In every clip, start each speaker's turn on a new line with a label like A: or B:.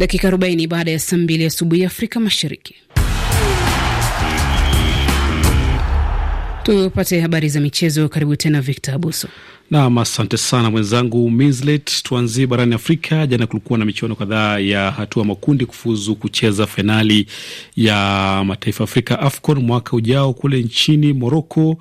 A: dakika 40 baada ya saa mbili asubuhi Afrika Mashariki. Tupate habari za michezo. Karibu tena Victor Abuso.
B: Nam, asante sana mwenzangu Minslet. Tuanzie barani Afrika. Jana kulikuwa na michuano kadhaa ya hatua makundi kufuzu kucheza fainali ya mataifa Afrika AFCON mwaka ujao kule nchini Moroko.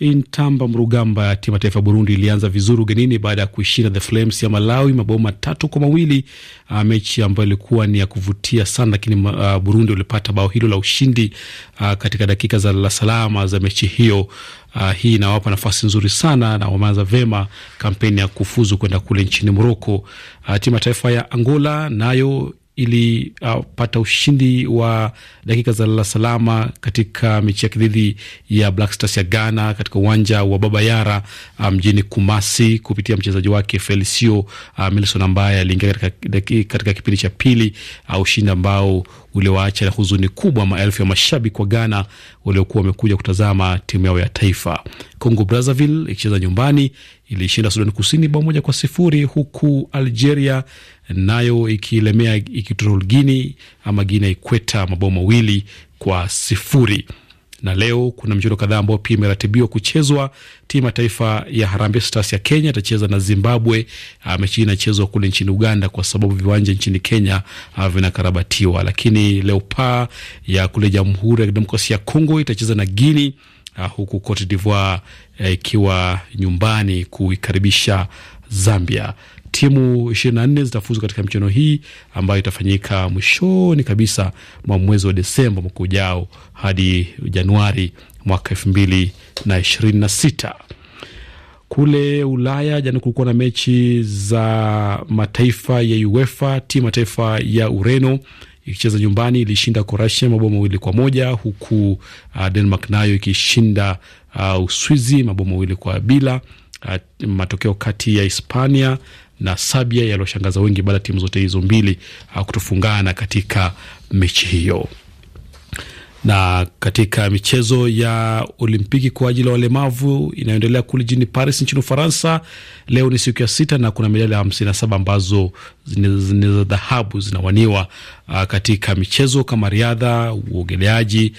B: Intamba Mrugamba ya timu taifa Burundi ilianza vizuri ugenini baada ya kuishinda the Flames ya Malawi mabao matatu kwa mawili, uh, mechi ambayo ilikuwa ni ya kuvutia sana, lakini uh, Burundi walipata bao hilo la ushindi uh, katika dakika za la salama za mechi hiyo. Uh, hii inawapa nafasi nzuri sana na wameanza vema kampeni ya kufuzu kwenda kule nchini Moroko. Uh, timu taifa ya Angola nayo ili uh, ushindi wa dakika za lala salama katika mechi yake dhidi ya Black Stars ya Ghana katika uwanja wa Baba Yara uh, mjini um, Kumasi kupitia mchezaji wake Felicio uh, Milson ambaye aliingia katika, katika kipindi cha pili uh, ushindi ambao uliowaacha na huzuni kubwa maelfu ya mashabiki wa Ghana waliokuwa wamekuja kutazama timu yao ya taifa. Congo Brazzaville ikicheza nyumbani iliishinda Sudani Kusini bao moja kwa sifuri huku Algeria nayo ikilemea Equatorial Guinea ama Guinea Ikweta mabao mawili kwa sifuri na leo kuna michezo kadhaa ambayo pia imeratibiwa kuchezwa. Timu ya taifa ya Harambee Stars ya Kenya itacheza na Zimbabwe. Ah, mechi hii inachezwa kule nchini Uganda kwa sababu viwanja nchini Kenya ah, vinakarabatiwa, lakini Leopards ya kule Jamhuri ya Kidemokrasia ya Kongo itacheza na Guinea uh, huku Cote d'Ivoire uh, ikiwa uh, nyumbani kuikaribisha Zambia. Timu 24 zitafuzu katika michuano hii ambayo itafanyika mwishoni kabisa mwa mwezi wa Desemba mwaka ujao hadi Januari mwaka na sita. Kule Ulaya jana kulikuwa na mechi za mataifa ya UEFA. Timu mataifa ya Ureno ikicheza nyumbani ilishinda Kroatia mabao mawili kwa moja huku uh, Denmark nayo ikishinda uh, Uswizi mabao mawili kwa bila. Uh, matokeo kati ya Hispania na Sabia yalioshangaza wengi baada ya timu zote hizo mbili uh, kutofungana katika mechi hiyo. Na katika michezo ya Olimpiki kwa ajili ya walemavu inayoendelea kule jijini Paris nchini Ufaransa, leo ni siku ya sita na kuna medali hamsini na saba ambazo ni za dhahabu zinawaniwa uh, katika michezo kama riadha, uogeleaji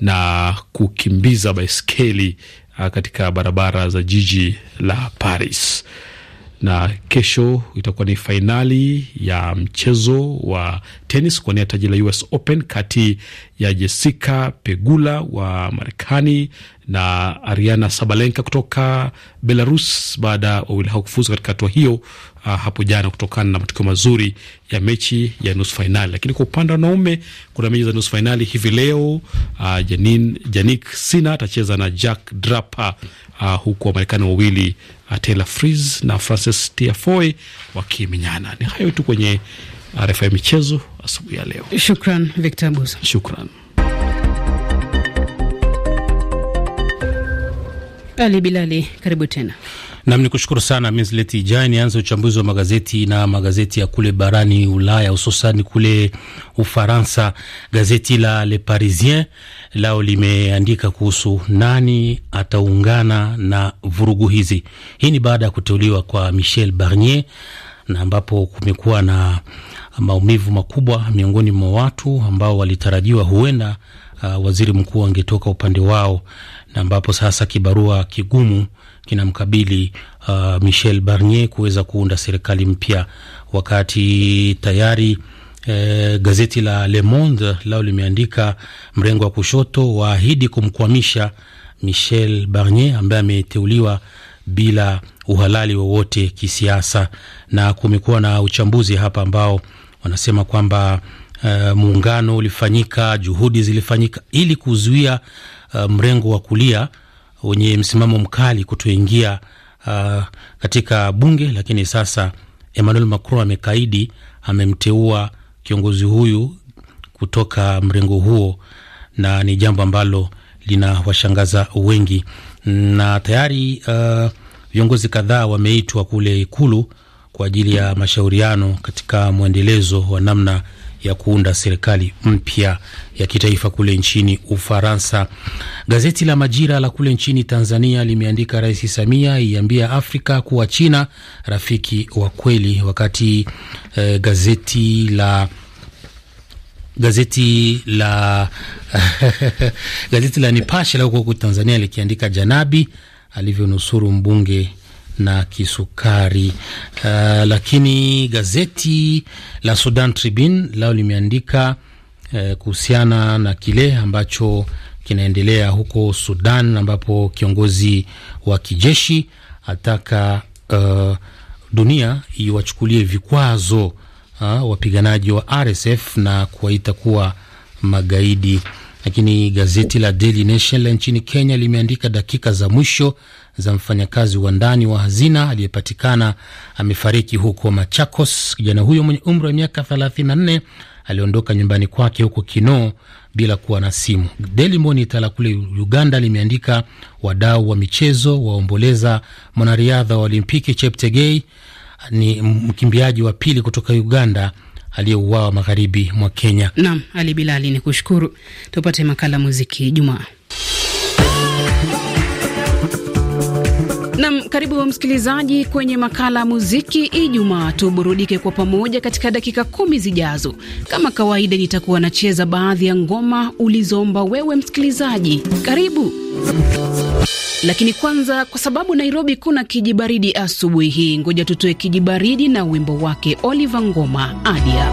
B: na kukimbiza baiskeli uh, katika barabara za jiji la Paris na kesho itakuwa ni fainali ya mchezo wa tennis kuwania taji la US Open kati ya Jessica Pegula wa Marekani na Ariana Sabalenka kutoka Belarus baada ya wawili hao kufuzu katika hatua hiyo uh, hapo jana kutokana na matukio mazuri ya mechi ya nusu fainali. Lakini kwa upande wa wanaume kuna mechi za nusu fainali hivi leo. Uh, ah, Janin, Janik Sina atacheza na Jack Draper uh, huku Wamarekani wawili uh, Taylor Fritz na Francis Tiafoe wakimenyana. Ni hayo tu kwenye RFI michezo asubuhi ya leo.
A: Shukran Victor Busa, shukran. Ali Bilali, karibu tena.
C: Nam ni kushukuru sana Minslet Ijai. Nianze uchambuzi wa magazeti na magazeti ya kule barani Ulaya, hususan kule Ufaransa. Gazeti la Le Parisien lao limeandika kuhusu nani ataungana na vurugu hizi. Hii ni baada ya kuteuliwa kwa Michel Barnier na ambapo kumekuwa na maumivu makubwa miongoni mwa watu ambao walitarajiwa huenda uh, waziri mkuu angetoka upande wao, na ambapo sasa kibarua kigumu kinamkabili uh, Michel Barnier kuweza kuunda serikali mpya, wakati tayari eh, gazeti la Le Monde lao limeandika mrengo wa kushoto waahidi kumkwamisha Michel Barnier ambaye ameteuliwa bila uhalali wowote kisiasa, na kumekuwa na uchambuzi hapa ambao wanasema kwamba uh, muungano ulifanyika, juhudi zilifanyika ili kuzuia uh, mrengo wa kulia wenye msimamo mkali kutoingia uh, katika bunge, lakini sasa Emmanuel Macron amekaidi, amemteua kiongozi huyu kutoka mrengo huo, na ni jambo ambalo linawashangaza wengi, na tayari uh, viongozi kadhaa wameitwa kule Ikulu kwa ajili ya mashauriano katika mwendelezo wa namna ya kuunda serikali mpya ya kitaifa kule nchini Ufaransa. Gazeti la Majira la kule nchini Tanzania limeandika Rais Samia iambia Afrika kuwa China rafiki wa kweli, wakati eh, gazeti la gazeti la gazeti la Nipashe la huko Tanzania likiandika Janabi alivyonusuru mbunge na kisukari. Uh, lakini gazeti la Sudan Tribune lao limeandika uh, kuhusiana na kile ambacho kinaendelea huko Sudan, ambapo kiongozi wa kijeshi ataka uh, dunia iwachukulie vikwazo uh, wapiganaji wa RSF na kuwaita kuwa magaidi. Lakini gazeti la Daily Nation la nchini Kenya limeandika dakika za mwisho za mfanyakazi wa ndani wa hazina aliyepatikana amefariki huko Machakos. Kijana huyo mwenye umri wa miaka 34 aliondoka nyumbani kwake huko Kinoo bila kuwa na simu. Daily Monitor la kule Uganda limeandika wadau wa michezo waomboleza mwanariadha wa Olimpiki Cheptegei, ni mkimbiaji wa pili kutoka Uganda aliyeuawa magharibi mwa Kenya.
A: Naam, Ali Bilali, ni kushukuru. Tupate makala muziki Jumaa. Nam, karibu msikilizaji kwenye makala muziki Ijumaa. Tuburudike kwa pamoja katika dakika kumi zijazo. Kama kawaida, nitakuwa nacheza baadhi ya ngoma ulizoomba wewe msikilizaji. Karibu. Lakini kwanza, kwa sababu Nairobi kuna kijibaridi asubuhi hii, ngoja tutoe kijibaridi na wimbo wake Oliver Ngoma Adia.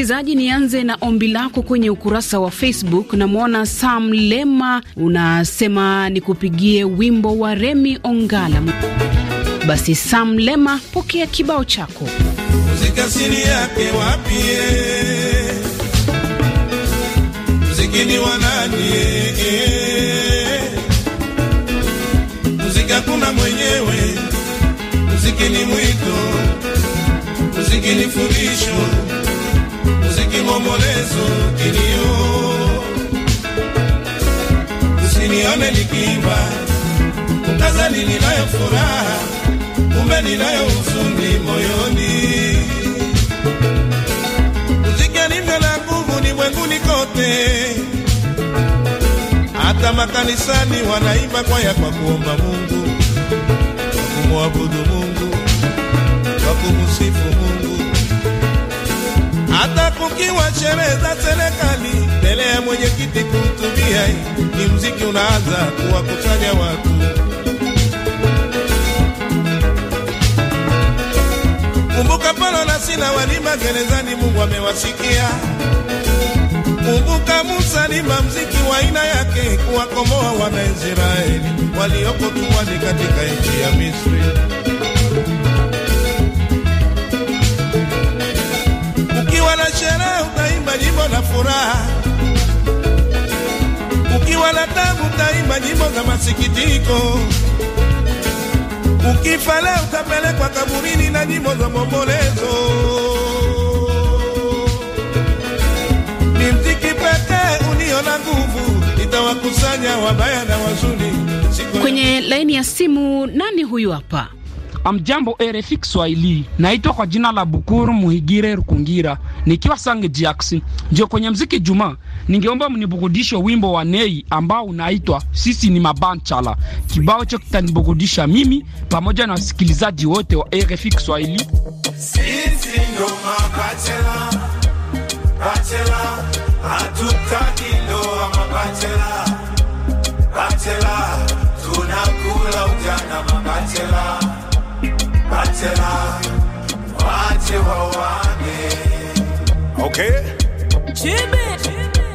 A: msikilizaji, nianze na ombi lako kwenye ukurasa wa Facebook. Namwona Sam Lema, unasema nikupigie wimbo wa Remi Ongala. Basi Sam Lema, pokea kibao chako.
D: Muziki asili yake wapie, muziki ni wananie, muziki hakuna mwenyewe, muziki ni mwito, muziki ni fundisho momolezo kilio, usinione likiimba, tazani ninayo furaha, kumbe ninayo huzuni moyoni. Muziki ni ndio la nguvu ulimwenguni kote, hata makanisani wanaimba kwaya kwa kuomba Mungu, kumwabudu Mungu, kwa kumsifu Mungu hata muziki wa sherehe za serikali mbele ya mwenyekiti kuhutubia ni muziki unaanza kuwakusanya watu. Kumbuka Paulo na Sila walima gerezani, Mungu amewasikia. Kumbuka Musa ni mamziki wa aina yake kuwakomoa wana Wanaisraeli waliokotumwani katika nchi ya Misri. ukiwa na sherehe utaimba nyimbo na furaha, ukiwa na tabu utaimba nyimbo za masikitiko, ukifa leo utapelekwa kaburini na nyimbo za maombolezo. Ni mziki pekee unio na nguvu, itawakusanya wabaya na wazuri.
A: Kwenye laini ya simu, nani huyu hapa? Amjambo RFI Kiswahili, naitwa kwa jina la Bukuru
B: Muhigire Rukungira, nikiwa Sange Jackson. Ndio kwenye mziki juma ningeomba mnibukudishe wimbo wa Nei ambao unaitwa sisi ni mabanchala. Kibao hicho kitanibukudisha mimi pamoja na wasikilizaji wote wa RFI Kiswahili.
D: Sisi ndo mabanchala, bachela hatutaki sema wache Okay.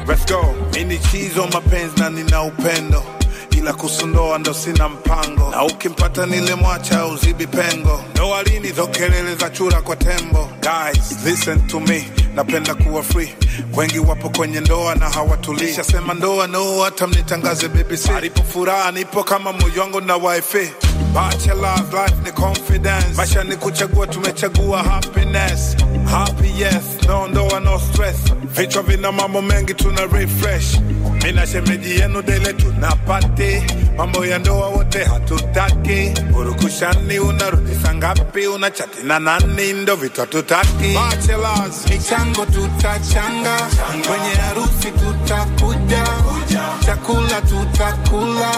D: Let's go. Nini chizo mapenzi na nina upendo ila kusundoa ndo sina mpango, na ukimpata mwacha uzibi pengo. Ndoa lini zo kelele za chura kwa tembo? Guys, listen to me, napenda kuwa free. Wengi wapo kwenye ndoa na hawatulii, sema ndoa no, hata mnitangaze BBC. Alipo furaha nipo kama moyo wangu na wifi Bacha love life ni confidence, maisha ni kuchagua, tumechagua happiness. Happy yes, no ndoa no stress, vichwa vina mambo mengi, tuna refresh. Mina shemeji yenu dele tunapati, mambo ya ndoa wote hatutaki. Urukushani unarudisha ngapi? Unachati na nani? Ndo vitu hatutaki. michango tutachanga, kwenye harusi tutakuja chakula tutakula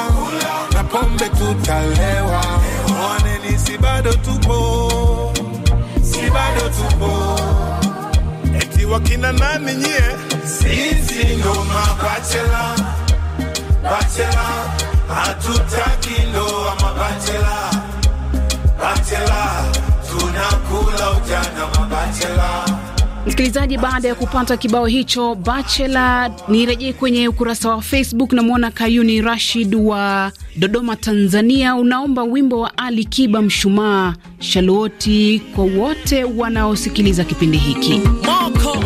D: na pombe tutalewa, mwaneni, si bado tupo, si bado tupo, eti wakina nani nyie? Sisi ndo mabachela, bachela, hatutaki ndoa mabachela, bachela, tunakula ujana mabachela
A: Msikilizaji, baada ya kupata kibao hicho bachela, nirejee kwenye ukurasa wa Facebook. Namwona Kayuni Rashid wa Dodoma, Tanzania, unaomba wimbo wa Ali Kiba mshumaa shaluoti kwa wote wanaosikiliza kipindi hiki
E: Moko.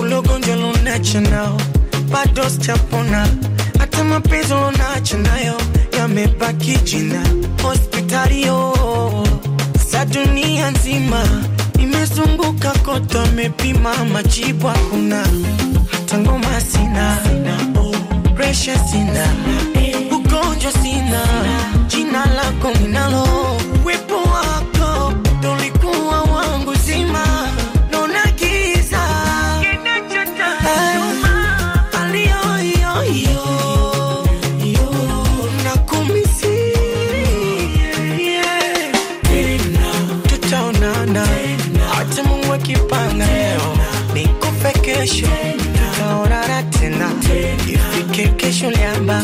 E: Ulogonjwa hata sa dunia nzima nimezunguka kota, mepima majibu hakuna, hata ngoma sina, sina, oh, ugonjwa sina, jina lako ninalo kesho liamba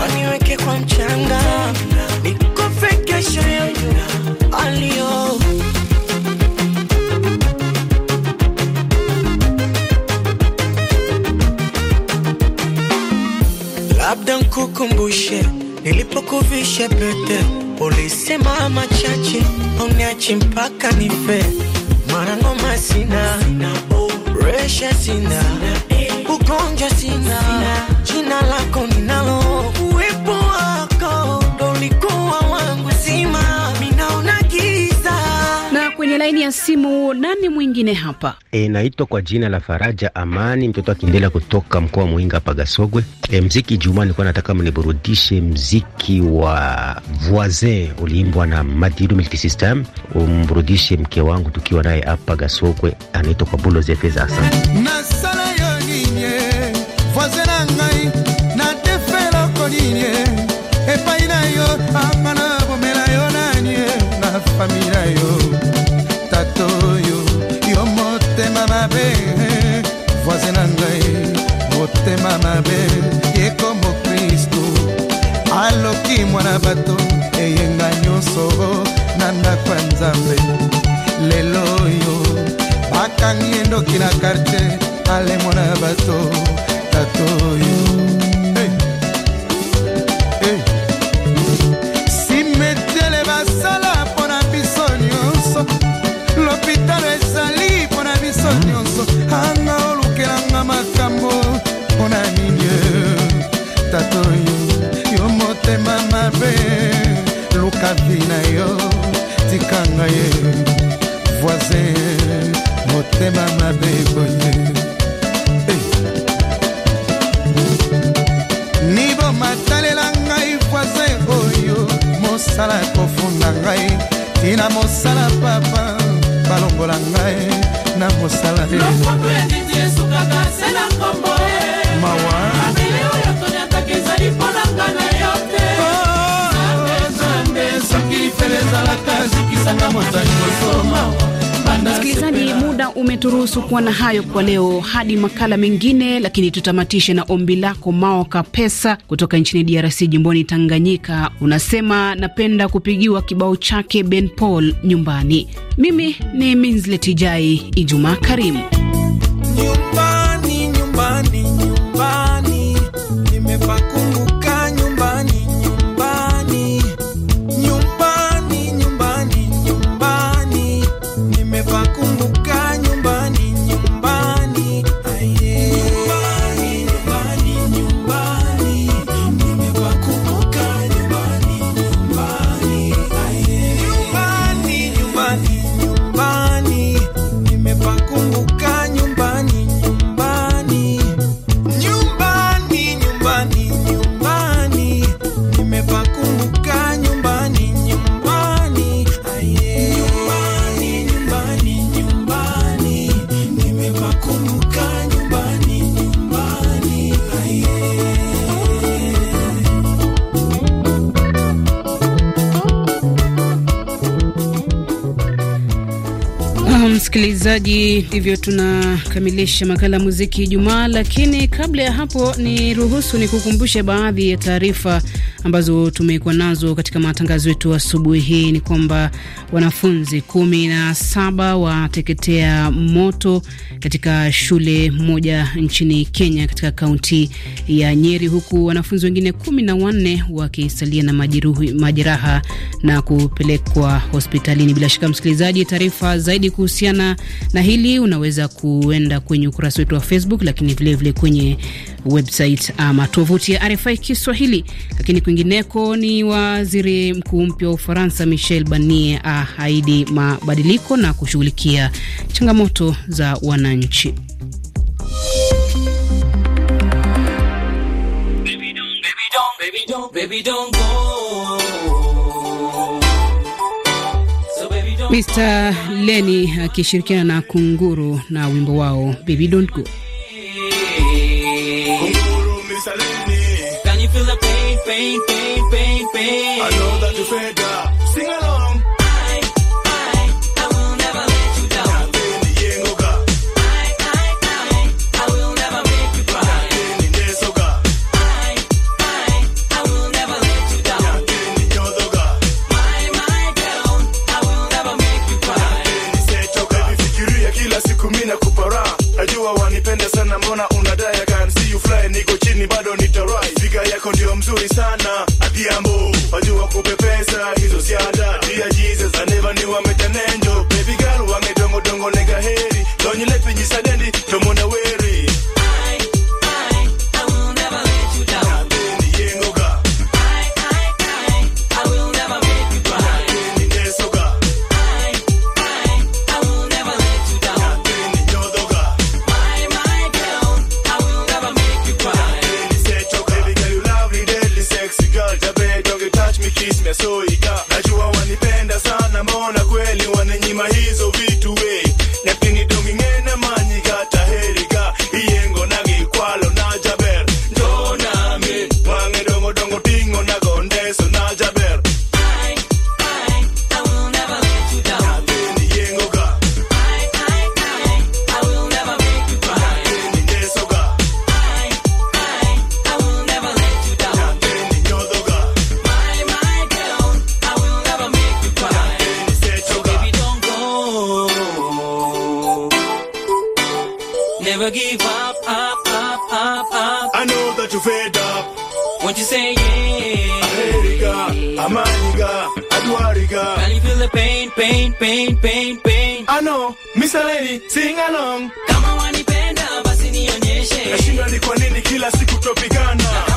E: waniweke kwa mchanga nikufe kesho yangu alio labda nkukumbushe nilipokuvisha pete ulisema machache auniachi mpaka nife mara ngoma sina, sina. Oh, sina, ugonjwa sina, sina.
A: laini ya simu nani mwingine hapa?
C: E, naitwa kwa jina la Faraja Amani, mtoto akiendelea kutoka mkoa wa Muinga Gasogwe. E, mziki Jumaa, nilikuwa nataka mniburudishe mziki wa Voisin uliimbwa na Madidu Multi System, umburudishe mke wangu tukiwa naye hapa Gasogwe, anaitwa kwa Bulo Zefeza.
F: Asante. motema mabe ye kombo kristu aloki mwana bato eyenga nyonso na ndako ya nzambe lelo oyo bakangi endoki na kartier alemo na bato tato oyo na ngai voisin motema mabe boye niboma talela ngai voisin oyo mosala kofunda ngai tina mosala papa balongola ngai na mosala eh. mawa ezali mponanga na Msikilizaji,
A: muda umeturuhusu kuwa na hayo kwa leo. Hadi makala mengine, lakini tutamatishe na ombi lako. Maoka Pesa kutoka nchini DRC, jimboni Tanganyika, unasema napenda kupigiwa kibao chake Ben Paul nyumbani. Mimi ni Minzletijai, Ijumaa karimu. msikilizaji, hivyo tunakamilisha makala muziki Ijumaa, lakini kabla ya hapo, ni ruhusu ni kukumbushe baadhi ya taarifa ambazo tumekuwa nazo katika matangazo yetu asubuhi hii ni kwamba wanafunzi kumi na saba wateketea moto katika shule moja nchini Kenya katika kaunti ya Nyeri, huku wanafunzi wengine kumi na wanne wakisalia na majeruhi, majeraha na kupelekwa hospitalini. Bila shaka, msikilizaji, taarifa zaidi kuhusiana na hili unaweza kuenda kwenye ukurasa wetu wa Facebook, lakini vilevile kwenye website ama tovuti ya RFI Kiswahili. Lakini kwingineko ni waziri mkuu mpya wa Ufaransa Michel Barnier ahaidi mabadiliko na kushughulikia changamoto za wananchi. Mr. Leni akishirikiana na Kunguru na wimbo wao Baby Don't Go.
E: feel the pain, pain, pain, pain, A I know that you nigga. Can you feel the pain, pain, pain, pain, pain? I know, Miss Lady, sing along. Kama wanipenda basi nionyeshe. Nashindwa ni kwa nini kila siku tropigana.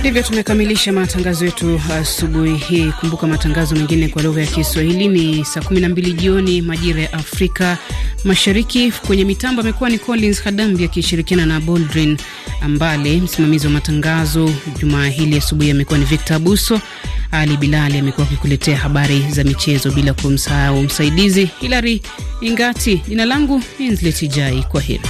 A: Ndivyo tumekamilisha matangazo yetu asubuhi hii. Kumbuka matangazo mengine kwa lugha ya Kiswahili ni saa 12 jioni majira ya Afrika Mashariki. Kwenye mitambo amekuwa ni Collins Hadambi akishirikiana na Boldrin Ambale. Msimamizi wa matangazo jumaa hili asubuhi amekuwa ni Victor Abuso. Ali Bilali amekuwa akikuletea habari za michezo, bila kumsahau msaidizi Hilary Ingati. Jina langu Inzleti kwa heri.